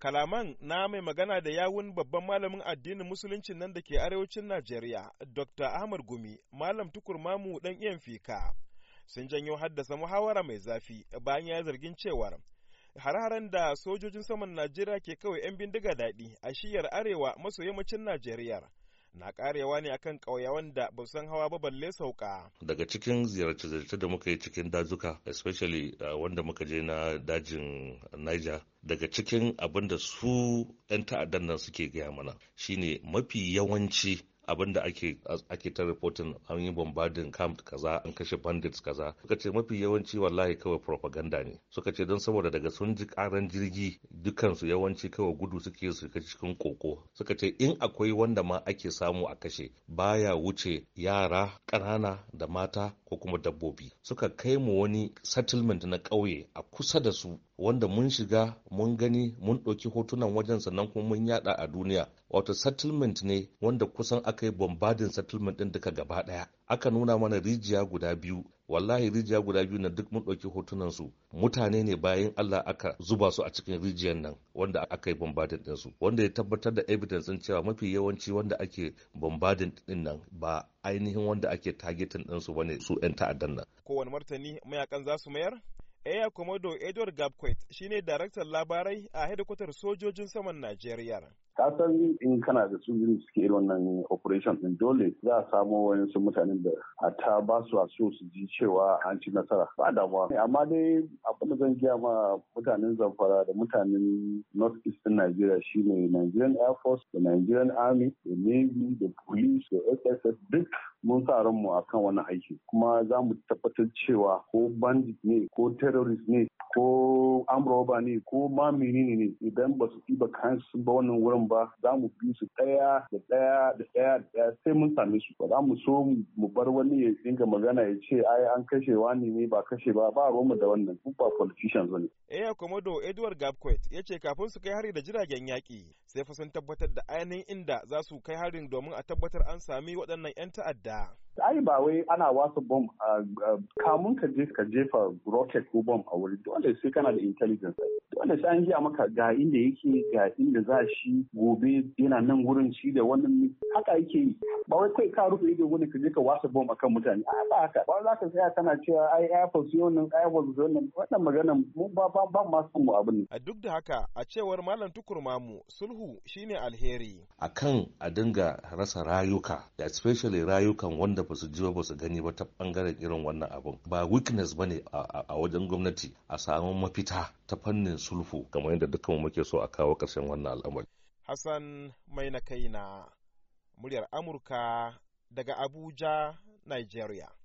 Kalaman na mai magana da yawun babban malamin addinin musuluncin nan da ke arewacin Najeriya, Dr. Ahmad Gumi, Malam tukurmamu dan iyan fika, sun janyo haddasa muhawara mai zafi bayan ya zargin cewar har-haren da sojojin saman Najeriya ke kawai 'yan bindiga daɗi a shiyar arewa maso yammacin Najeriya na karewa ne akan ƙauyawan da ba san hawa ba balle sauka. Daga cikin ziyarce-ziyarce da muka yi cikin dazuka, especially uh, wanda muka je na dajin Niger, daga cikin abin da su 'yan ta'addan nan suke gaya mana shine mafi yawanci abin da ake ake ta reporting an yi bombardin camp kaza an kashe bandits kaza suka ce mafi yawanci wallahi kawai propaganda ne suka ce don saboda daga sun ji karan jirgi dukansu yawanci kawai gudu suke su ka cikin koko suka ce in akwai wanda ma ake samu a kashe baya wuce yara ƙanana da mata ko kuma dabbobi suka kai mu wani settlement na ƙauye a kusa da su wanda mun shiga mun gani mun ɗauki hotunan wajen sannan kuma mun yada a duniya wato settlement ne wanda kusan aka yi bombardin settlement ɗin duka gaba ɗaya aka nuna mana rijiya guda biyu wallahi rijiya guda biyu na duk mun ɗauki hotunan su mutane ne bayan Allah aka zuba su a cikin rijiyar nan wanda aka yi bombardin din su wanda ya tabbatar da evidence din cewa mafi yawanci wanda ake bombardin din nan ba ainihin wanda ake targeting din su bane su 'yan ta'addan nan kowane martani mayakan za su mayar Air Komodo Edward Gabquet shine daraktan labarai a hedikwatar sojojin saman Najeriya. Kasan san in kana da su irin suke irin wannan operation din dole za a samo wayansu mutanen da ata ta ba su a so su ji cewa an ci nasara ba damuwa amma dai abin da zan gaya ma mutanen zamfara da mutanen north east din Najeriya shine Nigerian Air Force da Nigerian Army da Navy da Police da SSS duk mun sa mu akan wannan aiki kuma za mu tabbatar cewa ko bandit ne ko terrorist ne ko amurwa ne ko ma menene ne idan ba su ba kayan su ba wannan wurin ba za mu bi su daya da daya da daya da daya sai mun same su ba za mu so mu bar wani ya dinga magana ya ce ai an kashe wani ne ba kashe ba ba mu da wannan duk ba politicians ne. Eya Komodo Edward Gabquet ya ce kafin su kai hari da jiragen yaƙi sai fa sun tabbatar da ainihin inda za su kai harin domin a tabbatar an sami waɗannan 'yan ta'adda. ai ba wai ana wasa bom kamun ka je ka jefa rocket ko bom a wuri dole sai kana da intelligence dole sai an giya maka ga inda yake ga inda za shi gobe yana nan wurin shi da wannan haka yake yi ba wai kai ka rufe ido wani ka je ka wasa bom akan mutane a ba haka ba za ka tsaya kana cewa ai airforce yau nan airforce yau nan wannan magana mu ba ba ba ma san mu abin a duk da haka a cewar malam tukurmamu sulhu shine alheri akan a dinga rasa rayuka especially rayukan wanda ba su ji ba su gani ba ta bangaren irin wannan abun ba weakness ne a wajen gwamnati a samu mafita ta fannin sulfu kamar yadda dukkan mu muke so a kawo ƙarshen wannan al'amari Hassan mai na kai na muryar Amurka daga Abuja Nigeria